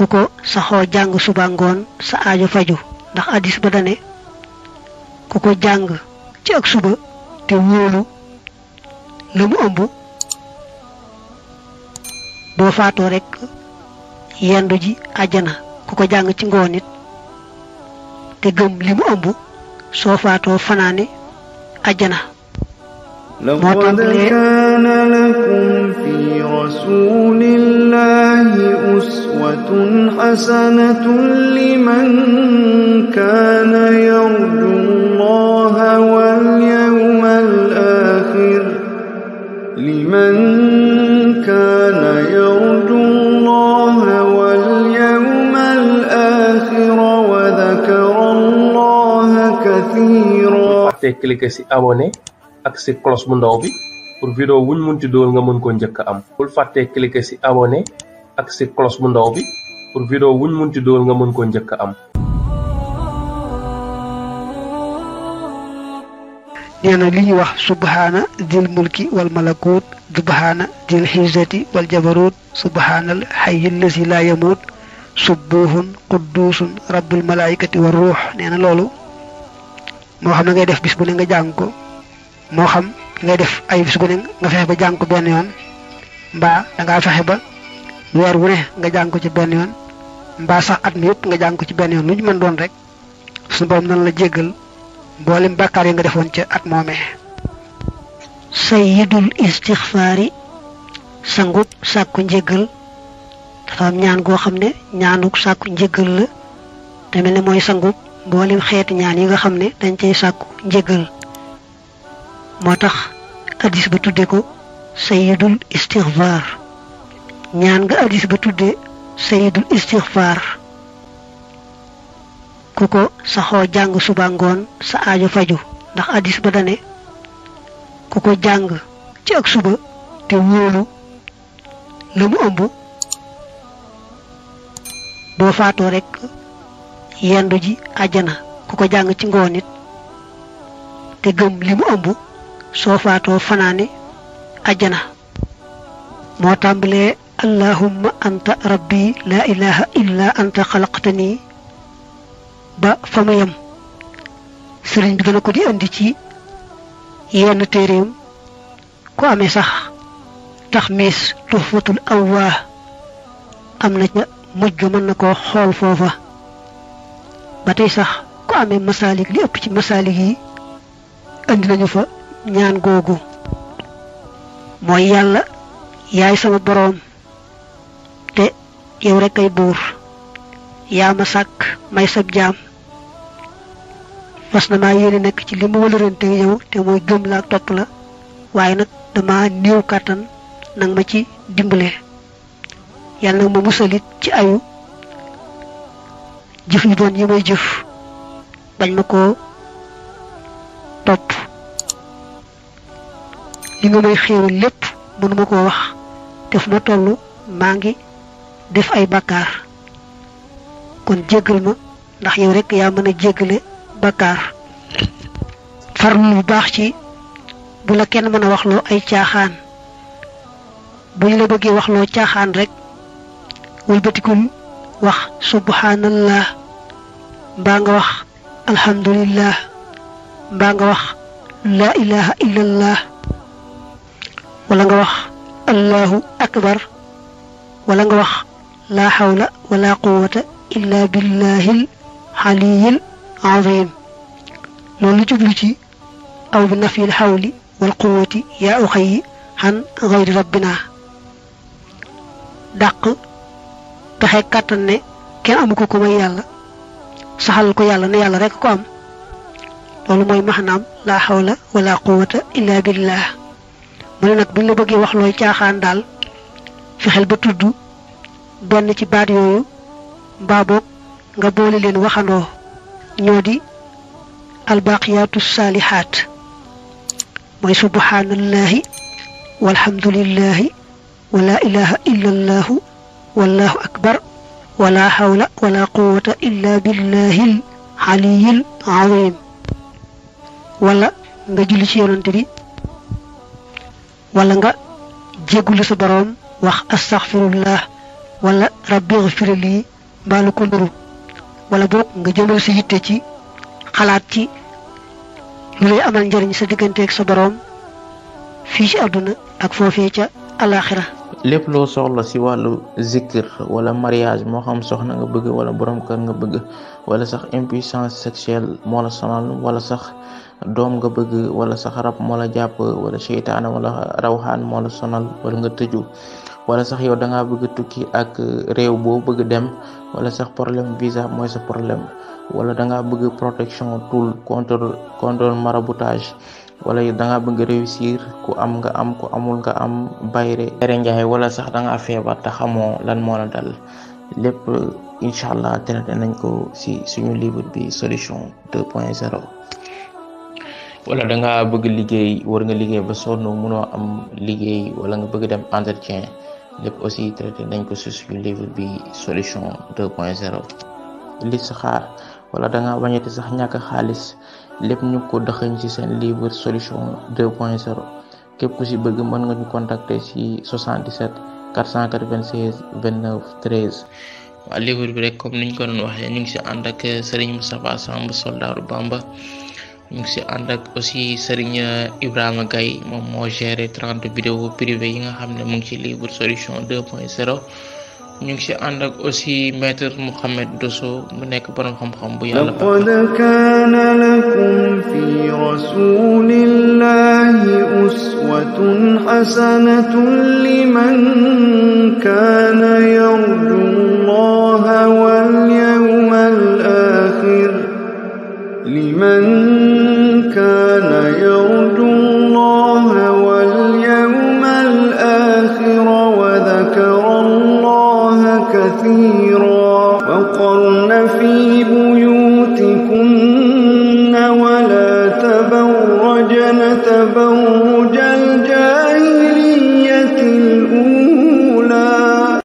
Kuko ko xoo jàng suba ngoon sa aajo faju ndax hadis ba dane ku ko jàng ci ak suba te wóolu la mu ëmb boo faatoo rek yendu ji àjjana ku ko jàng ci ngoon it te gëm li mu ëmb soo faatoo fanaane àjjana moo tax حسنة لمن كان يرجو الله واليوم الآخر لمن كان يرجو الله واليوم الآخر وذكر الله كثيرا cliquer ci abonné ak ci cloche bu ndaw bi pour vidéo wuñ mën ci dool nga mën ko njëkk am bul fàtte cliquer ci abonné ak ci cloche bu ndaw bi pour vidéo wuñ munti doon nga mën ko ñëk am neena li ñu wax subhana dil mulki wal malakut subhana dil hizati wal jabarut subhana al hayy allazi la yamut subuhun quddusun rabbul malaikati war ruh neena lolu mo xam ngay def bis bu ne nga jang ko mo xam ngay def ay bis bu ne nga fexé ba jang ko ben yoon mba da nga fexé ba wer wu ne nga jang ko ci ben yoon mbaa sax at mi yëpp nga jàng ko ci benn lu ñu mën doon rek su borom nan la jéggal mboolem bàkkaar yi nga defoon ca at moomee sayyidul istixfaari sangub sàkku njéggal dafa am ñaan goo xam ne ñaanuk sàkku njéggal la te mel ne mooy sangub mboolem xeeti ñaan yi nga xam ne dañ cay sàkku njéggal moo tax addis ba tudde ko sayyidul istixfaar ñaan nga addis ba tudde sayidul istixfaar ku ko saxoo jàng suba ngoon sa ajo faju ndax addis ba dane ku ko jàng ci ak suba te wóolu la mu ëmb boo faatoo rekk yendu ji àjjana ku ko jàng ci ngoon it te gëm li mu ëmb soo faatoo fanaane àjjana moo tàmbalee allahumma anta rabbi la ilaha illa anta khalaqtani ba fama yam serigne bi dana ko di andi ci yenn téréem ko amé sax taxmis tuhfatul awwah amna ca mujj mën na ko xool foofa sax ku amee masaalik li ëpp ci yi andi nañu fa ñaan yaay sama boroom yow rek ay buur yaa ma sàkk may sab jaam mas na maa yéene nekk ci li ma wëlërante yow te mooy gëm la ak topp la waaye nag dama néew kàttan nag ma ci dimbale yàlla nag ma musalit ci ayu jëf yu bon yi may jëf bañ ma ko topp li nga may xéewal lépp mënuma koo wax te fu ma toll maa ngi def ay bakkaar kon jéggal ma ndax yow rekk yaa mën a jéggale bakkaar farlu bu baax ci bu la kenn mën a waxloo ay caaxaan bu ñu la bëggee waxloo caaxaan rek wëlbatikul wax subhanallah mbaa nga wax alhamdulillah mbaa nga wax laa ilaha illallah wala nga wax allahu akbar wala nga wax لا حول ولا قوة إلا بالله العلي العظيم لولي جبلتي أو بنفي الحول والقوة يا أخي عن غير ربنا دق تخي كاتن ني كين امكو كوما يالا سخال كو يالا ني يالا ريك كو موي مخنام لا حول ولا قوه الا بالله مولا نك بن لا بوغي واخ لوي تياخان دال فخيل با تودو donn ci baat yooyu mbaa nga boole leen waxandoo ñoo di albaaqiyaatu saalihaat mooy subhaanallaahi walhamdulillaahi wala ilaha illallahu wallahu akbar wala hawla wala quwwata illa billahil aliyil azim wala nga julli ci yonante bi nga jéggulu sa boroom wax astaghfirullah wala rabbi xfir lii mbaalu ko nuru wala boog nga jëmal si yitte ci xalaat ci lu lay amal njëriñ sa digganteeg sa boroom fii ci adduna ak foofee ca alaxira lépp loo soxla si wàllu zikir wala mariage moo xam soxna nga bëgg wala borom kër nga bëgg wala sax impuisance sexuelle moo la sonal wala sax doom nga bëgg wala sax rab moo la jàpp wala seytaane wala rawxaan moo la sonal wala nga tëju wala sax yow da nga bëgg tukki ak réew boo bëgg dem wala sax problème visa mooy sa problème wala da nga bëgg protection tool contre contre maraboutage wala da nga bëgg réussir ku am nga am ku amul nga am bayre tere njaay wala sax da nga feebar te xamoo lan moo la dal lépp Inshallah allah traité nañ ko si suñu livre bi solution 2.0 wala da nga bëgg liggéey war nga liggéey ba sonn mëno am liggéey wala nga bëgg dem entretien lépp aussi traité nañ ko si suñu livre bi solution 2.0 li si xaar wala da ngaa bañati sax ñakk xaalis lépp ñu ko dëxëñ ci seen livre solution 2.0 képp ku si bëgg mën nga ñu contacter si 77 496 29 13. waa livre bi rek comme ñu ko doon waxee ñu ngi si ànd ak Serigne Moustapha Samb soldaaru Bamba. si ànd ak aussi sëriñ ibrahima gay moom moo géré 30 vidéo privé yi nga xam ne mu ngi ci livre solution 2.0 ñu ngi ci ànd ak aussi maître mohamed doso mu nekk borom xam-xam bu yàlla laqad kana lakum fi rasulillahi uswatun hasanatun liman kana yarju allaha wal yawmal akhir liman وقرن في